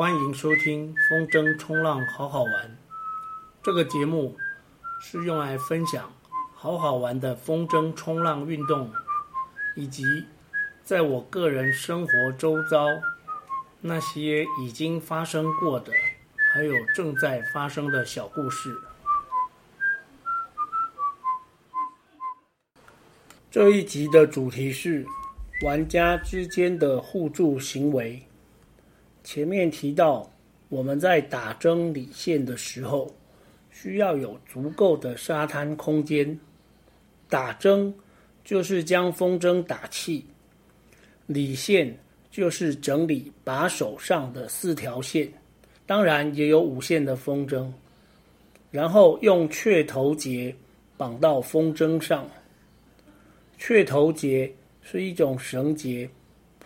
歡迎收聽《風箏衝浪好好玩》，這個節目是用來分享好好玩的風箏衝浪運動，以及在我個人生活周遭那些已經發生過的，還有正在發生的小故事。這一集的主題是玩家之間的互助行為。前面提到，我們在打箏理線的時候，需要有足夠的沙灘空間。打箏就是將風箏打氣，理線就是整理把手上的四條線，當然也有五線的風箏。然後用雀頭結綁到風箏上。雀頭結是一種繩結。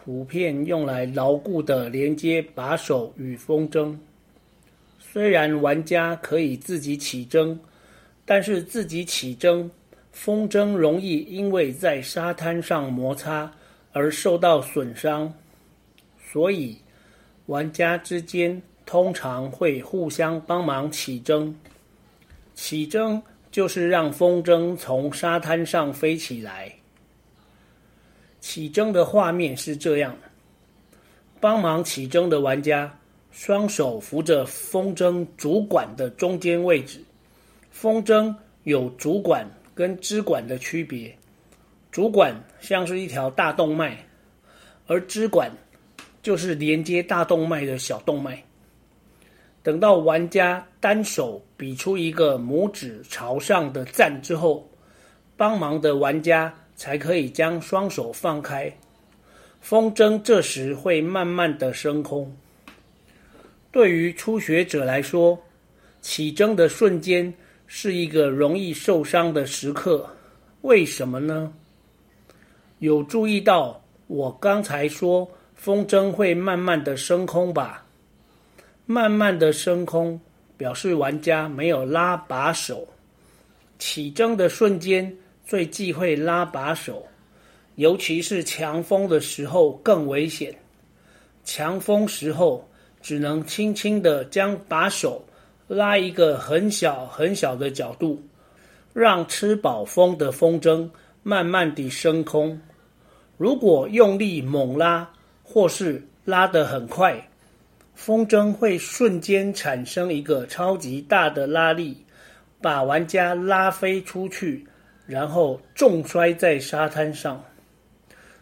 圖片用來牢固地連接把手與風箏。雖然玩家可以自己起箏，但是自己起箏，風箏容易因為在沙灘上摩擦而受到損傷。所以，玩家之間通常會互相幫忙起箏。起箏就是讓風箏從沙灘上飛起來。起箏的畫面是這樣，幫忙起箏的玩家雙手扶着風箏主管的中間位置。風箏有主管跟支管的區別，主管像是一條大動脈，而支管就是連接大動脈的小動脈。等到玩家單手比出一個拇指朝上的讚之後，幫忙的玩家。才可以將雙手放開，風箏這時會慢慢的升空。對於初學者來說，起箏的瞬間是一個容易受傷的時刻，為什麼呢？有注意到我剛才說風箏會慢慢的升空吧？慢慢的升空表示玩家沒有拉把手，起箏的瞬間。最忌諱拉把手，尤其是強風的時候更危險。強風時候，只能輕輕地將把手拉一個很小很小的角度，讓吃飽風的風箏慢慢地升空。如果用力猛拉，或是拉得很快，風箏會瞬間產生一個超級大的拉力，把玩家拉飛出去。然後重摔在沙灘上，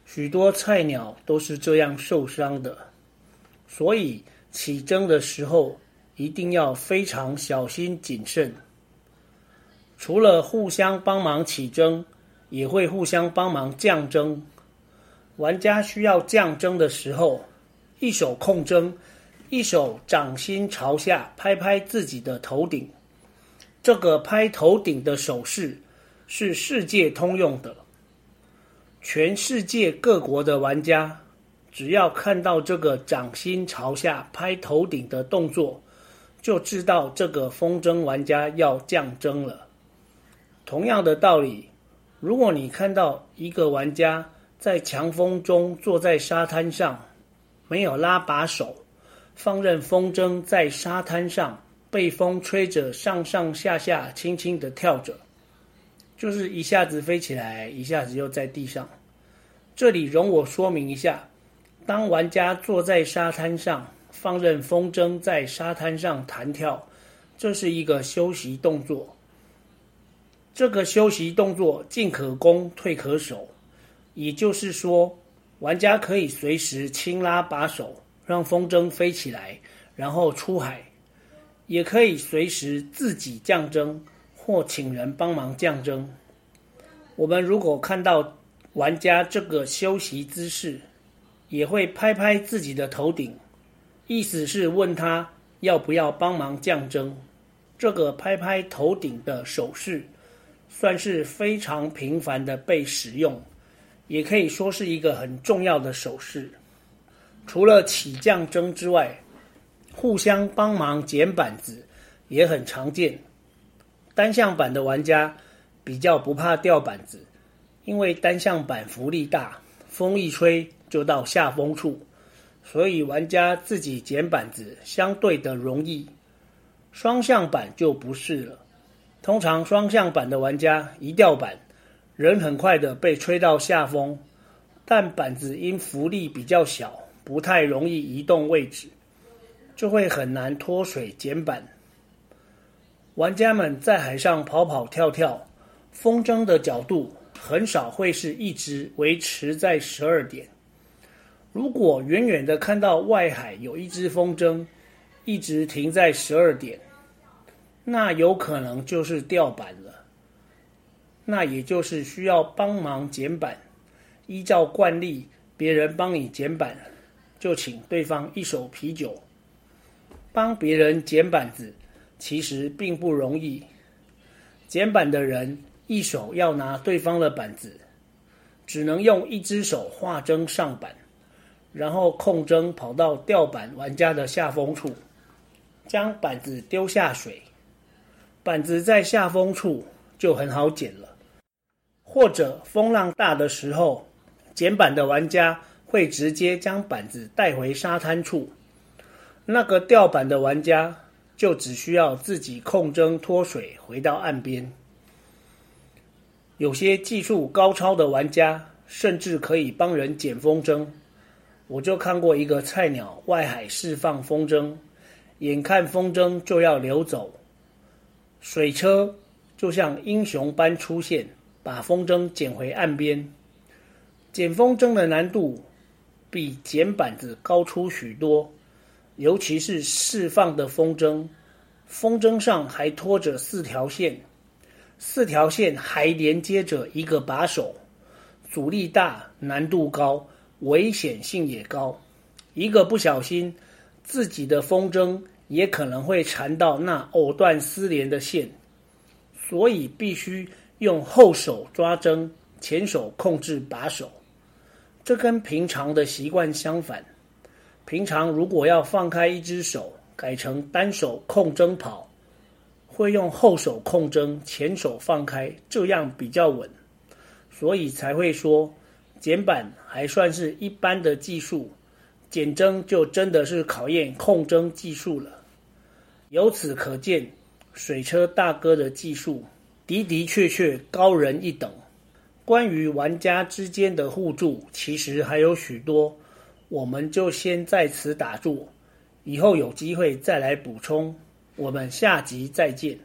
許多菜鳥都是這樣受傷的。所以起箏的時候一定要非常小心謹慎。除了互相幫忙起箏，也會互相幫忙降箏，玩家需要降箏的時候，一手控箏，一手掌心朝下拍拍自己的頭頂。這個拍頭頂的手勢，是世界通用的，全世界各國的玩家只要看到這個掌心朝下拍頭頂的動作，就知道這個風箏玩家要降箏了。同樣的道理，如果你看到一個玩家在強風中坐在沙灘上，沒有拉把手，放任風箏在沙灘上被風吹着上上下下輕輕的跳着。就是一下子飛起來，一下子又在地上。這裡容我說明一下：當玩家坐在沙灘上，放任風箏在沙灘上彈跳，這是一個休息動作。這個休息動作進可攻，退可守，也就是說，玩家可以隨時輕拉把手，讓風箏飛起來，然後出海；也可以隨時自己降箏。或請人幫忙降箏。我們如果看到玩家這個休息姿勢，也會拍拍自己的頭頂，意思是問他要不要幫忙降箏。這個拍拍頭頂的手勢，算是非常頻繁的被使用，也可以說是一個很重要的手勢。除了起降箏之外，互相幫忙撿板子也很常見。單向板的玩家比較不怕掉板子，因為單向板浮力大，風一吹就到下風處，所以玩家自己撿板子相對的容易。雙向板就不是了，通常雙向板的玩家一掉板，人很快的被吹到下風，但板子因浮力比較小，不太容易移動位置，就會很難脫水撿板。玩家們在海上跑跑跳跳，風箏的角度很少會是一直維持在十二點。如果遠遠的看到外海有一隻風箏一直停在十二點，那有可能就是掉板了。那也就是需要幫忙撿板。依照慣例，別人幫你撿板，就請對方一手啤酒，幫別人撿板子。其實並不容易。撿板的人一手要拿對方的板子，只能用一隻手划箏上板，然後控箏跑到掉板玩家的下風處，將板子丟下水。板子在下風處就很好撿了。或者風浪大的時候，撿板的玩家會直接將板子帶回沙灘處，那個掉板的玩家，就只需要自己控箏脫水回到岸邊。有些技術高超的玩家甚至可以幫人撿風箏。我就看過一個菜鳥外海釋放風箏，眼看風箏就要流走，水車就像英雄般出現，把風箏撿回岸邊。撿風箏的難度比撿板子高出許多。尤其是釋放的風箏，風箏上還拖着四條線，四條線還連接着一個把手，阻力大，難度高，危險性也高。一個不小心，自己的風箏也可能會纏到那藕斷絲連的線，所以必須用後手抓箏，前手控制把手，這跟平常的習慣相反。平常如果要放開一隻手，改成單手控針跑，會用後手控箏，前手放開，這樣比較穩。所以才會說，撿板還算是一般的技術，撿箏就真的是考驗控箏技術了。由此可見，水車大哥的技術的的確確高人一等。關於玩家之間的互助，其實還有許多。我們就先在此打住，以後有機會再來補充，我們下集再見。